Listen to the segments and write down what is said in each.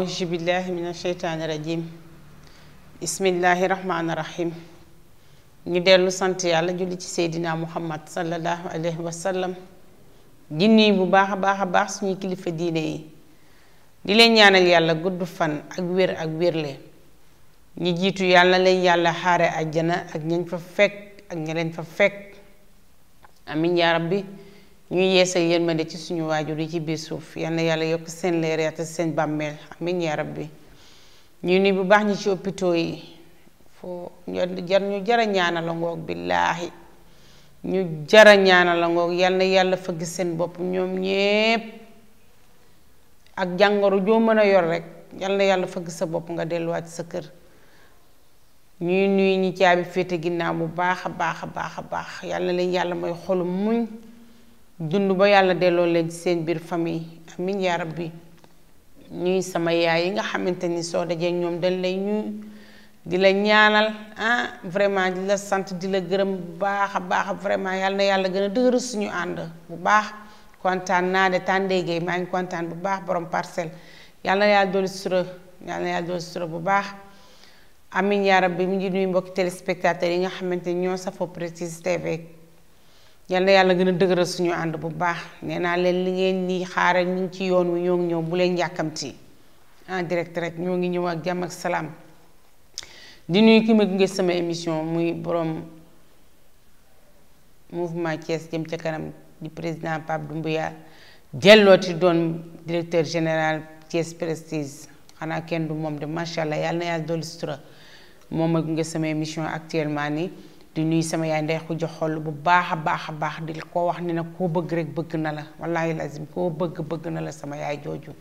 أعوذ بالله من الشيطان الرجيم بسم الله الرحمن الرحيم dellu sant yàlla julli ci seydina muhammad sallallahu alayhi wa sallam di bu baax a baax a baax suñuy kilifa diine yi di leen ñaanal yàlla gudd fan ak wér ak wérle ñi jiitu yàlla leen yàlla xaare àjjana ak ñañ fa fekk ak ña leen fa fekk amin yaa rabbi ñuy ma yërmande ci suñu waajur yi ci biir suuf yal na yàlla yokk seen leer yaata seen bàmmeel amiin yaa bi ñuy nuy bu baax ñi ci hôpitaux yi foo jar ñu jara ñaana la ngoog billaahi ñu jara ñaana la ngoog yal yàlla fëgg seen bopp ñoom ñépp ak jàngoro joo mën a yor rekk yal na yàlla fëgg sa bopp nga delluwaat sa kër ñuy nuy ñi caabi féete ginnaaw bu baax a baax a baax a baax leen yàlla mooy xolu muñ dund ba yàlla delloo leen seen biir famille amin yaa rabbi ñuy sama yaay yi nga xamante ni soo dajee ñoom dañ lay ñuy di la ñaanal ah vraiment di la sant di la gërëm bu baax a baax vraiment yàlla na yàlla gën a dëgëral suñu ànd bu baax kontaan naa de tàndeegee maa ngi kontaan bu baax borom parcelle yàlla na yàlla doolu sutura yàlla na yàlla doolu sutura bu baax amin yaa bi mu ngi nuyu mbokki téléspectateurs yi nga xamante ni ñoo safoo Prestige TV yal na yàlla gën a dëgëral suñu ànd bu baax nee naa leen li ngeen nii xaaral ñu ngi ci yoon wi ñoo ñëw bu leen yàkkamti en direct ñoo ngi ñëw ak jàmm ak salaam di nuy ki ma gunge sama émission muy borom mouvement Thiès jëm ca kanam di président Pape Doumbouya jellooti doon directeur général Thiès Prestige xanaa kenn du moom de macha allah yàlla na dolli sutura moom ma gunge sama émission actuellement nii. di nuy sama yaay ndey xujj xol bu baax a baax a baax di ko wax ne na koo bëgg rek bëgg na la wallahi lazim koo bëgg bëgg na la sama yaay jooju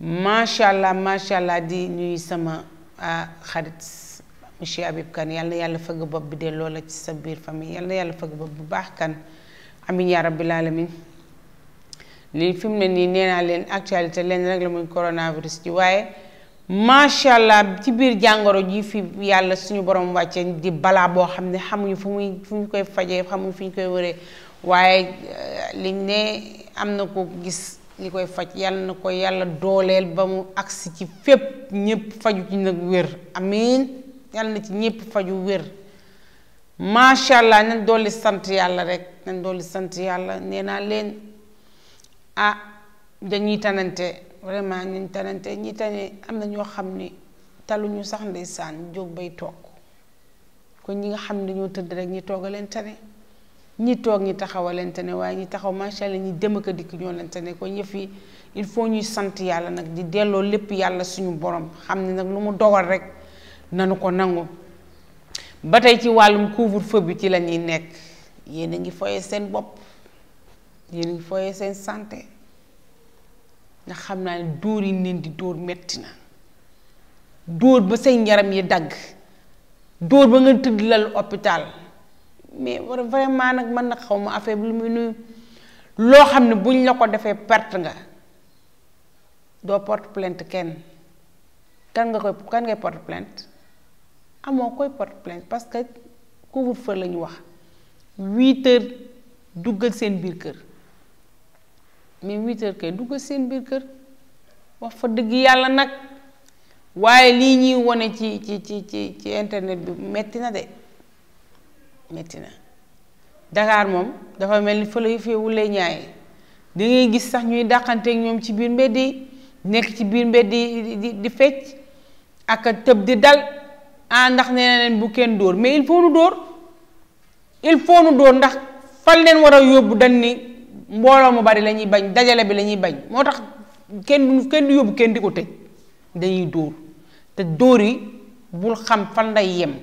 macha allah macha allah di nuy sama ah, xarit monsieur Habib Kane yàlla fëgg bopp bi delloo la ci sa biir famille yal yàlla fëgg bopp bu baax kan amin yaa bi alamin li fi mu ne nii nee naa leen actualité leen rek la muy coronavirus ji waaye macha allah ci biir jàngoro ji fi yàlla suñu borom wàcce di balaa boo xam ne xamuñu fu muy fu ñu koy fajee xamuñu fu ñu koy wëree waaye eh, li ne am na ko gis li koy faj yàlla na ko yàlla dooleel ba mu agsi ci fépp ñépp faju ci nag wér amiin yàlla na ci ñépp faju wér macha allah nañ dolli sant yàlla rek nañ dolli sant yàlla nee naa leen ah dañuy tanante vraiment ñu tanante ñi tane am na ñoo xam ni taluñu sax saan jóg bay toog kon ñi nga xam ne dañoo tëdd rek ñi toog a leen tane ñi toog ñi taxaw a leen tane waaye ñi taxaw macha allah ñi dem ak dikk ñoo leen tane kon yëf yi il faut ñuy sant yàlla nag di delloo lépp yàlla suñu borom xam ne nag lu mu dogal rek nanu ko nangu ba tey ci wàllum couvre-feu bi ci la ñuy nekk yéen a ngi foyee seen bopp yéen ngi foyee seen santé. ndax xam naa ne dóor yi leen di dóor metti na dóor ba say yaram yi dagg dóor ba nga tëdd lal hôpital mais war vraiment nag mën nag xaw ma affaire bi lu muy nuyu loo xam ne buñ la ko defee perte nga doo porte plainte kenn kan nga koy kan ngay porte plainte amoo koy porte plainte parce que couvre-feu la wax huit heures duggal seen biir kër mais huit heures kay dugg seen biir kër wax fa dëgg yàlla nag waaye lii ñuy wone ci ci ci ci ci internet bi metti na de metti na Dakar moom dafa mel ni fële yu fee wulee ñaaye da gis sax ñuy dàqanteeg ñoom ci biir mbedd yi nekk ci biir mbedd yi di di fecc ak tëb di dal ah ndax nee leen bu kenn dóor mais il faut nu dóor il faut nu dóor ndax fan leen war a yóbbu dañ ni mbooloo mu bari la ñuy bañ dajale bi lañuy bañ moo tax kenn kenn du yóbbu kenn di ko tëj dañuy dóor te dóor yi bul xam fan lay yem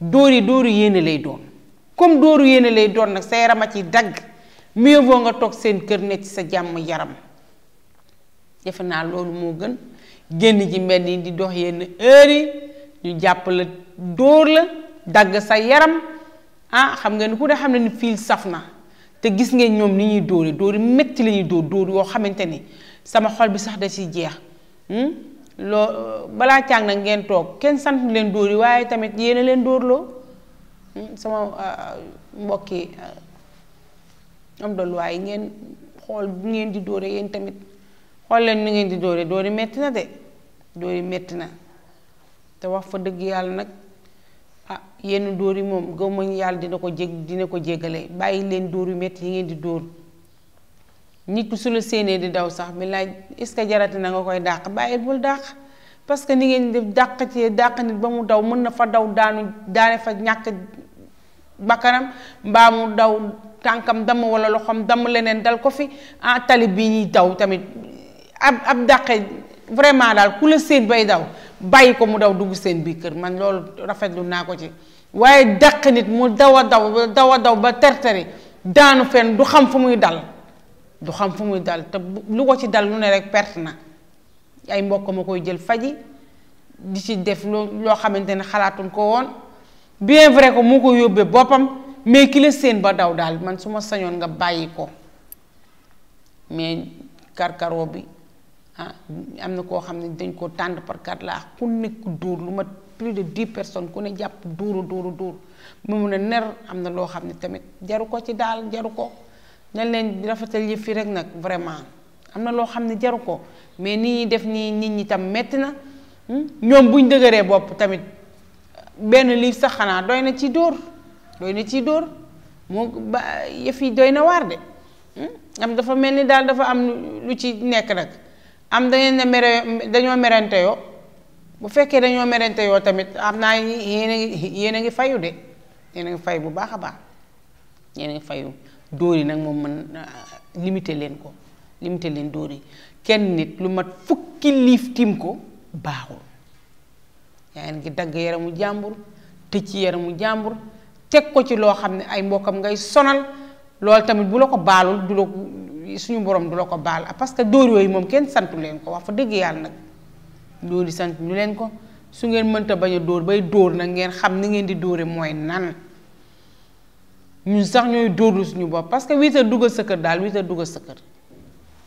dóor yi dóoru yéene lay doon comme dóoru yéene lay doon nag sa yaram a ci dagg mieux vaut nga toog seen kër ne ci sa jàmm yaram defe naa loolu moo gën génn ji mbedd yi di dox yenn heure yi ñu jàpp la dóor la dagg sa yaram ah xam nga ni ku ne xam ne ni fii saf na te gis ngeen ñoom ni ñuy dóore dóori métti la ñuy dóor dóor yoo xamante ni sama xol bi sax da ciy jeex hmm? loo balaa càng nag ngeen toog kenn sant leen dóor waaye tamit yéena leen dóorloo hmm? sama ah, mbokki ah, am dolluwaay ngeen xool bu ngeen di dóore yéen tamit xool leen ni ngeen di dóore dóori metti na de dóori metti na te wax fa dëgg yàlla nag ah yenn dóor yi moom gëm ma yàlla dina ko jég dina ko jéggale bàyyi leen dóor yu metti yi ngeen di dóor nit ku su la séenee di daw sax mi laaj est-ce que jarati na nga koy dàq bàyyi bul dàq parce que ni ngeen def dàq ci dàq nit ba mu daw mën na fa daw daanu daane fa ñàkk bakkanam mbaa mu daw tànkam damm wala loxoom damm leneen dal ko fi ah tali bii ñuy daw tamit ab ab dàqe vraiment daal ku la séen bay daw bàyyi ko mu daw dugg seen biir kër man loolu rafetlu naa ko ci waaye daq nit mu daw a daw daw a daw ba terteri daanu fenn du xam fu muy dal du xam fu muy dal te lu ko ci dal lu ne rek perte na ay mbokk ma koy jël faji di ci def loo xamante ne xalaatuñ ko woon bien vrai ko mu ko yóbbee boppam mais ki la seen ba daw daal man su ma sañoon nga bàyyi ko mais karkaroo bi ah am na koo xam ne dañ koo tànd par carte laa ku nekk dóor lu ma plus de dix personne ku ne jàpp dóoru dóoru dóor mu mun a ner am na loo xam ne tamit jaru ko ci daal jaru ko nañ leen rafetal yëf yi rek nag vraiment am na loo xam ne jaru ko mais nit ñi def nii nit ñi tam metti na hmm? ñoom buñ dëgëree bopp tamit benn lii sax xanaa doy na ci dóor doy na ci dóor moo ba yëf doy na waar de hmm? am dafa mel ni daal dafa am lu ci nekk nag am dañu ne mere dañoo merente yoo bu fekkee dañoo merente yoo tamit am naa yéen a ngi yéen a fayu de yéen ngi fay bu baax a baax yéen ngi fayu dóor yi nag moom mën ah, limité leen ko limité leen dóor yi kenn nit lu mat fukki liif tiim ko baaxul yaa ngi dagg yaramu jàmbur tëj ci yaramu jàmbur teg ko ci loo xam ne ay mbokkam ngay sonal loolu tamit bu la ko baalul du la suñu borom du la ko baal ah, parce que dóor yooyu moom kenn santu leen ko wax fa dëgg yàlla nag dóor yi sant ñu leen ko su ngeen mënta bañ a dóor bay dóor nag ngeen xam ni ngeen di dóore mooy nan ñun sax ñooy dóorlu suñu bopp parce que wiita duggal sa kër daal wiita duggal sa kër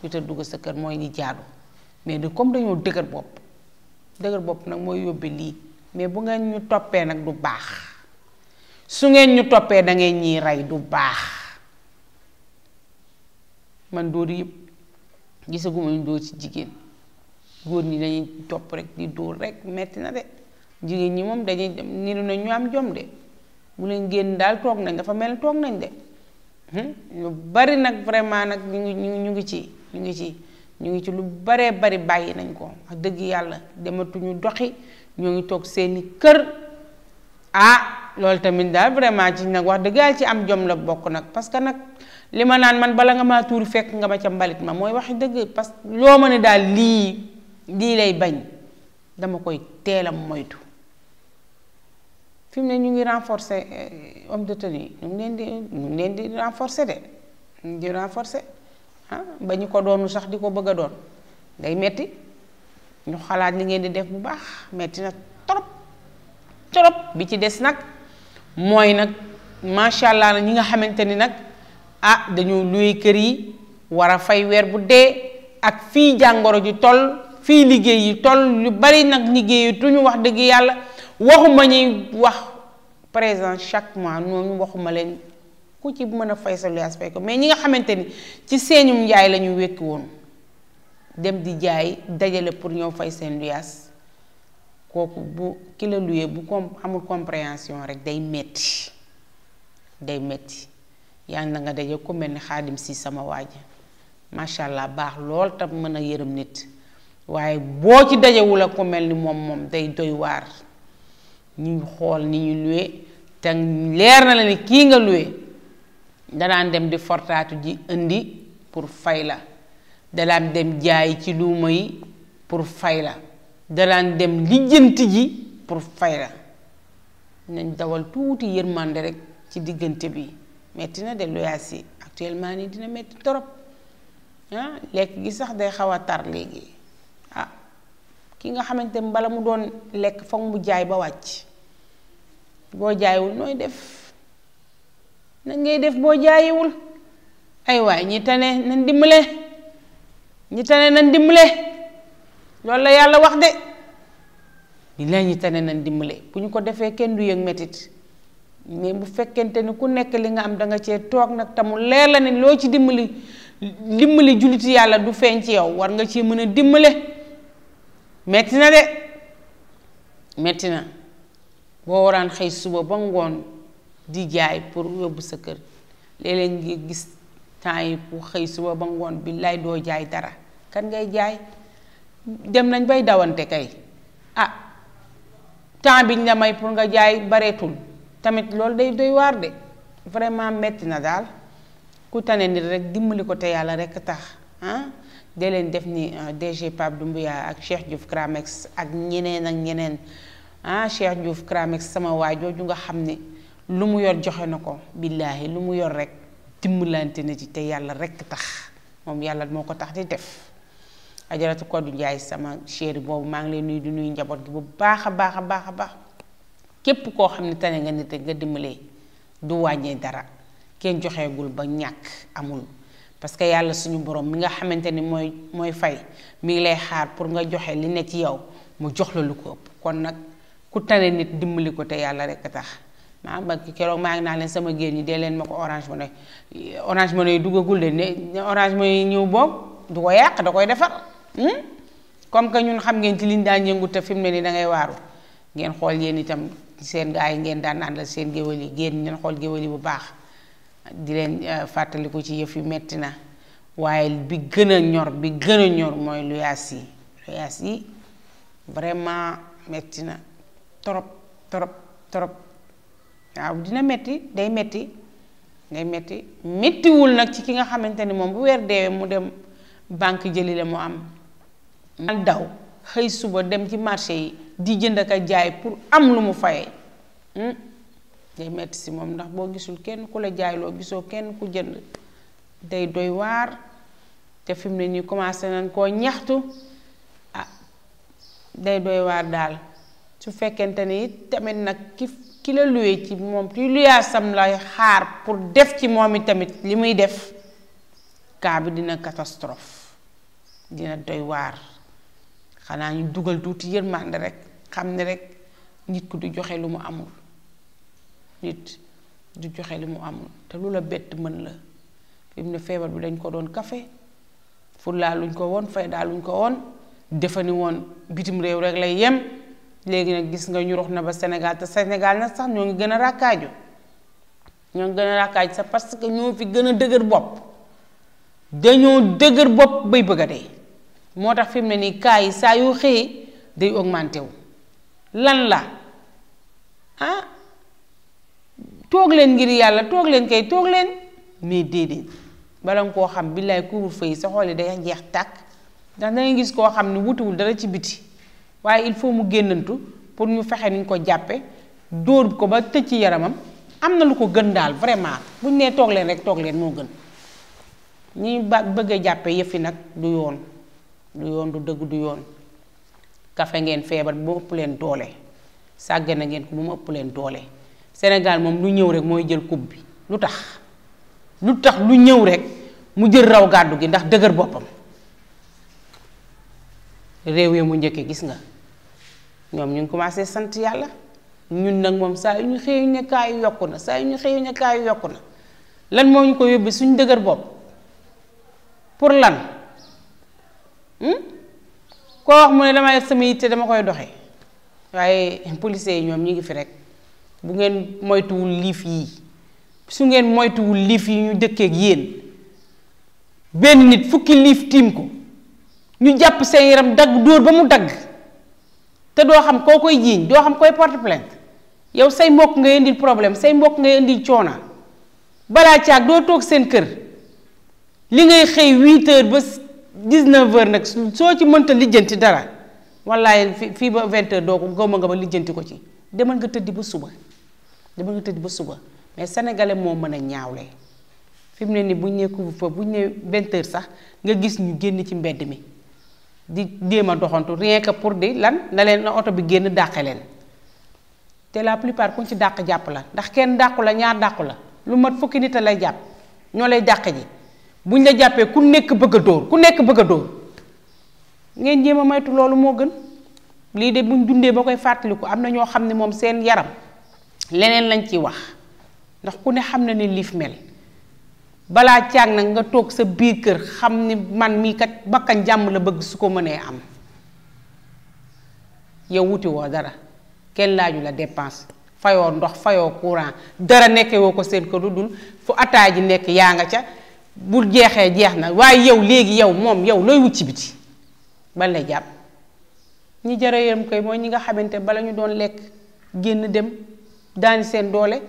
wiita duggal sa kër mooy ñi jaadu mais de comme dañoo dëgër bopp dëgër bopp nag mooy yóbbe lii mais bu ngeen ñu toppee nag du baax su ngeen ñu toppee da ngeen rey du baax man dóor yëpp gisaguma ñu dóor ci jigéen góor ñi dañuy topp rek di dóor rek metti na de jigéen ñi moom dañuy niru na ñu am jom de bu leen génn daal toog nañ dafa mel toog nañ de hmm? lu bari nag vraiment nag ñu ngi ñu ngi ci ñu ngi ci ñu ngi ci lu baree bari bàyyi nañ ko wax dëgg yàlla dematuñu doxi ñoo ngi toog seeni kër ah lol tamit dal vraiment ci nak wax dëggal ci am jom la bok nak parce que nak lima nan man bala nga ma tour fek nga ma ca mbalit ma moy wax deug parce lo meune ma li li lay bagn dama koy telam moytu fi ne ñu ngi renforcer euh, homme de tenue ñu ngi di ñu ngi di renforcer de ñu di renforcer ah bañ ko doonu sax diko bëgg doon day metti ñu xalaat li ngeen di def bu baax metti na trop trop bi ci dess nak mooy nag macha allah na ñi nga xamante ni nag ah dañu luy kër yi war a fay weer bu dee ak fii jàngoro ji tol fii liggéey yi toll lu bari nag ñu wax dëgg yàlla waxuma ñuy wax présent chaque mois noonu waxuma leen ku ci mën a fay sa luyaas fay ko mais ñi nga xamante ni ci seenum njaay la ñu wékki woon dem di jaay dajale pour ñëw fay seen luyaas kooku bu ki la luye bu com amul compréhension rek day metti day metti yàlla na nga daje ku mel ni xaadim si sama waaj macha allah baax lool tam mën a yërëm nit waaye boo ci dajewul ak ku mel ni moom moom day doy waar ñuy xool ni ñu luye te leer na la ni kii nga luye danaan dem di fortaatu ji indi pour fay la danaan dem jaay ci luuma yi pour fay la dalaan dem lijjanti ji pour fay la nañ dawal tuuti yërmande rek ci diggante bi metti na de loyaas yi actuellement ni dina metti torop ah, lekk gi sax day xaw a tar léegi ah ki nga xamante ni mu doon lekk foog mu jaay ba wàcc boo jaayewul nooy def nan ngay def boo jaayewul ay waay ñi tane nan dimbale ñi tane nan dimbale loolu la yàlla wax de li ñi tane na dimbale bu ñu ko defee kenn du yëg metit mais bu fekkente ni ku nekk li nga am danga cee toog nag tamu leer la ne loo ci dimbali dimbali julliti yàlla du feeñ ci yow war nga ci mën a dimbale metti na de metti na boo waraan xëy suba ba ngoon di jaay pour yóbbu sa kër léeg-léeg ngi gis temps yi bu xëy suba ba ngoon bi lay doo jaay dara kan ngay jaay dem nañ bay dawante kay ah temps biñ la may pour nga jaay bareetul tamit loolu day doy waar de vraiment metti na daal ku tane nit rek dimbali ko te yàlla rek tax ah de leen def ni euh, DG Pape Doumbouya ak Cheikh Diouf Kramex ak ñeneen ak ñeneen ah Cheikh Diouf Kramex sama waa jooju nga xam ni lu mu yor joxe na ko billaahi lu mu yor rek dimbalante na ci te yàlla rek tax moom yàlla moo ko tax di def ajaratu Koddu Njaay sama chéri boobu maa ngi leen nuyu du nuy njaboot gi bu baax a baax a baax a baax képp koo xam ne tane nga nit nga dimbalee du wàññee dara kenn joxeegul ba ñàkk amul parce que yàlla suñu borom mi nga xamante ni mooy mooy fay mi ngi lay xaar pour nga joxe li ne ci yow mu jox la lu ko ëpp kon nag ku tane nit dimbali ko te yàlla rek tax maa ah, ba keroog maa ngi naa leen sama génn ñi dee leen ma ko orange money orange money yi duggagul de ne orange yi ñëw boobu Hmm? comme que ñun xam ngeen ci liñ daan yëngu te fi mu ne ni dangay ngay waaru ngeen xool yéen itam seen gaa yi ngeen daan àndal seen géwél yi génn ngeen xool géwél yi bu baax di leen eh, fàttaliku ci yëf yu metti na waaye bi gën a ñor bi gën a ñor mooy luyaas yi luyaas yi vraiment metti na trop trop trop waaw dina metti day metti ngay metti mettiwul nag ci ki nga xamante ni moom bu weer deewee mu dem banque jëli mu am daan daw xëy suba dem ci marché yi di jënd ak a jaay pour am lu mu fayee hmm? day metti si moom ndax boo gisul kenn ku la jaay loo gisoo kenn ku jënd day doy waar te fi ne nii commencé nañ koo ñaxtu ah day doy waar daal su fekkente ni tamit nag ki ki la luye ci moom ci luyaasam lay xaar pour def ci moom tamit li muy def kaa bi dina katastrof dina doy waar xanaa ñu dugal tuuti yërmande rek xam ne rek nit ku du joxe lu mu amul nit du joxe lu mu amul te lu la bett mën la fi mu ne feebar bi dañ ko doon kafe fullaa luñ ko woon daal luñ ko woon defani woon bitim réew rek lay yem léegi nag gis nga ñu na ba Sénégal te Sénégal nag sax ñoo ngi gën a ràkkaaju ñoo ngi gën a ràkkaaju sax parce que ñoo fi gën a dëgër bopp dañoo dëgër bopp bay bëgg a dee moo tax fim mu ne nii cas yi saa yoo xëyee day augmenté lan la ah toog leen ngir yàlla toog leen kay toog leen mais déedéet bala nga koo xam billaay couvre-feu yi sa xool yi day jeex tàkk ndax dangay gis koo xam ni wutiwul dara ci biti waaye il faut mu génnantu pour ñu fexe nuñ ko jàppe dóor ko ba tëj ci yaramam am na lu ko gën daal vraiment buñ nee toog leen rek toog leen moo gën ñi ba bëgg a jàppe yëfi nag du yoon du yoon du dëgg du yoon kafe ngeen feebar ba mu ëpp leen doole sàggana ngeen ko ba mu ëpp leen doole senegal moom lu ñëw rek mooy jël kub bi lu tax lu tax lu ñëw rek mu jël raw gàddu gi ndax dëgër boppam réew ya mu njëkkee gis nga ñoom ñu ngi commencé sant yàlla ñun nag moom saa yu ñu xëyu ne kaayu yokku na saa yu ñu xëyu kaayu yokku na lan moo ñu ko yóbbee suñu dëgër bopp pour lan Hmm? koo wax mu ne damay def sama yitte dama koy doxe waaye policiers yi ñoom ñu ngi fi rek bu ngeen moytuwul liif yi su ngeen moytuwul liif yi ñu dëkkee yéen benn nit fukki liif tiim ko ñu jàpp seen yaram dagg dóor ba mu dagg te doo xam koo koy jiiñ doo xam koy porte plainte yow say mbokk ngay indil problème say mbokk ngay indil coona balaa caag doo toog seen kër li ngay xëy 8 ba 19 heures nag soo ci mënta lijjanti dara wallaay fi fii ba 20 heures doo ko gaw nga ba lijjanti ko ci demal nga tëddi ba suba demal nga tëddi ba suba mais sénégalais moo mën a ñaawle fi mu ne nii bu ñu nee couvre-feu bu ñu nee 20 sax nga gis ñu génn ci mbedd mi di déem a doxantu rien que pour di lan na leen na oto bi génn dàqe leen te la plupart kuñ ci dàq jàpp la ndax kenn dàqu la ñaar dàqu la lu mat fukki nit a lay jàpp ñoo lay dàq ji. buñ la jàppee ku nekk bëgg a dóor ku nekk bëgg a dóor ngeen jéem a moytu loolu moo gën lii de buñ dundee ba koy fàttaliku am na ñoo xam ne moom seen yaram leneen lañ ciy wax ndax ku ne xam na ne liif mel balaa caag nag nga toog sa biir kër xam ni man mii kat bakkan jàmm la bëgg su ko mënee am yow wuti woo dara kenn laaju la dépense fayoo ndox fayoo courant dara nekkee woo ko seen kër lu dul fu attaay ji nekk yaa nga ca bu jeexee jeex na waaye yow léegi yow moom yow looy wut ci biti bal la jàpp ñi jara yërëm koy mooy ñi nga xamante bala ñu doon lekk génn dem daani seen doole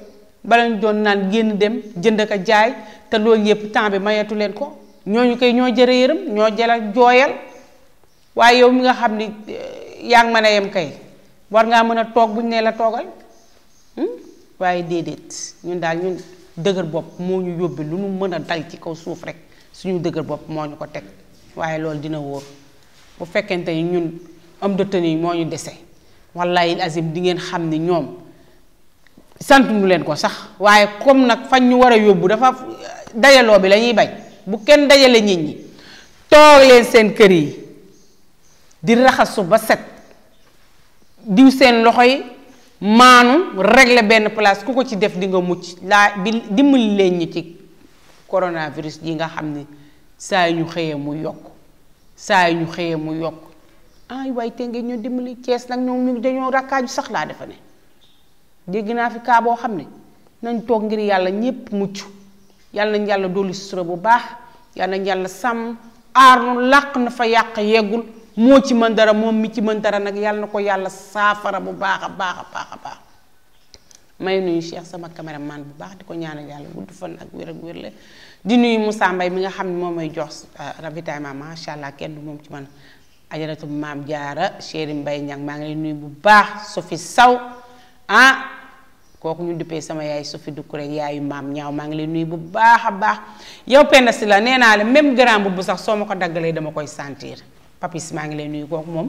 bala ñu doon naan génn dem jënd ak jaay te loolu yépp temps bi mayatu leen ko ñooñu koy ñoo jara yërëm ñoo jalal jooyal waaye yow mi nga xam ni eh, yaa ngi mën a yem kay war ngaa mën a toog bu ñu nee la toogal hmm? waaye déedéet ñun daal ñun dëgër bopp moo ñu yóbbi lu ñu mën a dal ci kaw suuf rekk suñu dëgër bopp moo ñu ko teg waaye loolu dina wóor bu fekkente ni ñun am dëttan yi moo ñu dese wallahi azim di ngeen xam ni ñoom sant ñu leen ko sax waaye comme nag fañ ñu war a yóbbu dafa dajaloo bi lañuy ñuy bañ bu kenn dajale nit ñi toog leen seen kër yi di raxasu ba set diw seen loxo yi maanu régler benn place ku ko ci def di nga mucc laa bi dimbali leen ñi ci coronavirus yi nga xam ni saa yu ñu xëyee mu yokk saa yu ñu xëyee mu yokk ay waaye te ngeen ñu dimbali Cees nag ñoom ñu dañoo rakkaaju sax laa defa ne dégg naa fi kaa boo xam ne nañ toog ngir yàlla ñépp mucc yàlla nañ yàlla dolli sutura bu baax yàlla nañ yàlla sàmm aar nu làq na fa yàq yeggul moo ci mën dara moom mi ci mën dara nag yàlla na ko yàlla saafara bu baax a baax a baax may nuyu Cheikh sama man bu baax di ko ñaanal yàlla gudd fan ak wér ak wér la di nuyu musaa mbay mi nga xam ne moom may jox euh, ravitaillement macha allah kenn du moom ci man ajaratu maam jaara chéri mbay ñang maa ngi leen nuyu bu baax Sophie Saw ah, kooku ñu duppee sama yaay Sophie Doucouré yaayu maam ñaaw maa ngi lay nuyu bu baax a baax yow Penda si la nee naa la même grand bu sax soo ma ko daggalee dama koy santiir papis maa ngi lay nuyu kooku moom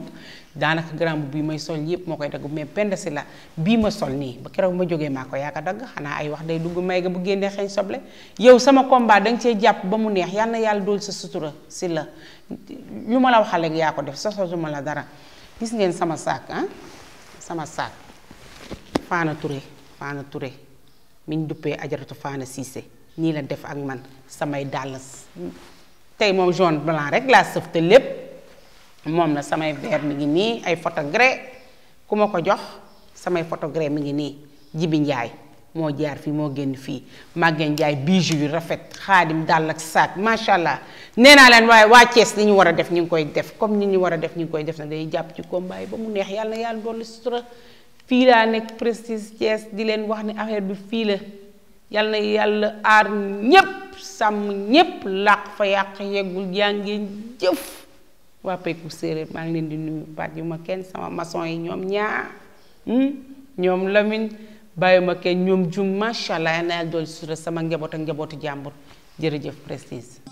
daanaka grand bi may sol yëpp moo koy dagg mais pend si la bii ma sol nii ba keroog ma jógee maa ko yaaka dagg xanaa ay wax day dugg may ga bu génnee xeeñ soble yow sama combat da nga cee jàpp ba mu neex yal na yàlla dool sa sutura si la lu ma la waxale yaa ko def ma la dara gis ngeen sama saak ah sama saak faana Touré faana Touré miñ duppee ajaratu faana Cissé nii la def ak man samay dàll tey moom jaune blanc rek laa sëf te lépp mom la samay ver mi ngi ni ay photogré ku ko jox samay photogré mi ngi ni Jibi Njaay mo jaar fi mo genn fi Maguette Njaay bijoux yu rafet khadim dal ak sac machallah neena len way wa ties ni ñu wara def ñing koy def comme ni ñu wara def ñing koy def na day japp ci combat yi ba mu neex yalla yalla yàlla dolli fi la nek Prestige ties di len wax ni affaire bi fi la yalla na yàlla aar ñépp sàmm ñépp làq fa yaq yegul yaa jëf waa Peyku maa ngi leen di nuyu baat yu ma kenn sama maçon yi ñoom ñaa hmm? ñoom Lamine bàyyi ma kenn ñoom jum macha allah yaa dool sutura sama njaboot ak njabootu jàmbur jërëjëf Prestige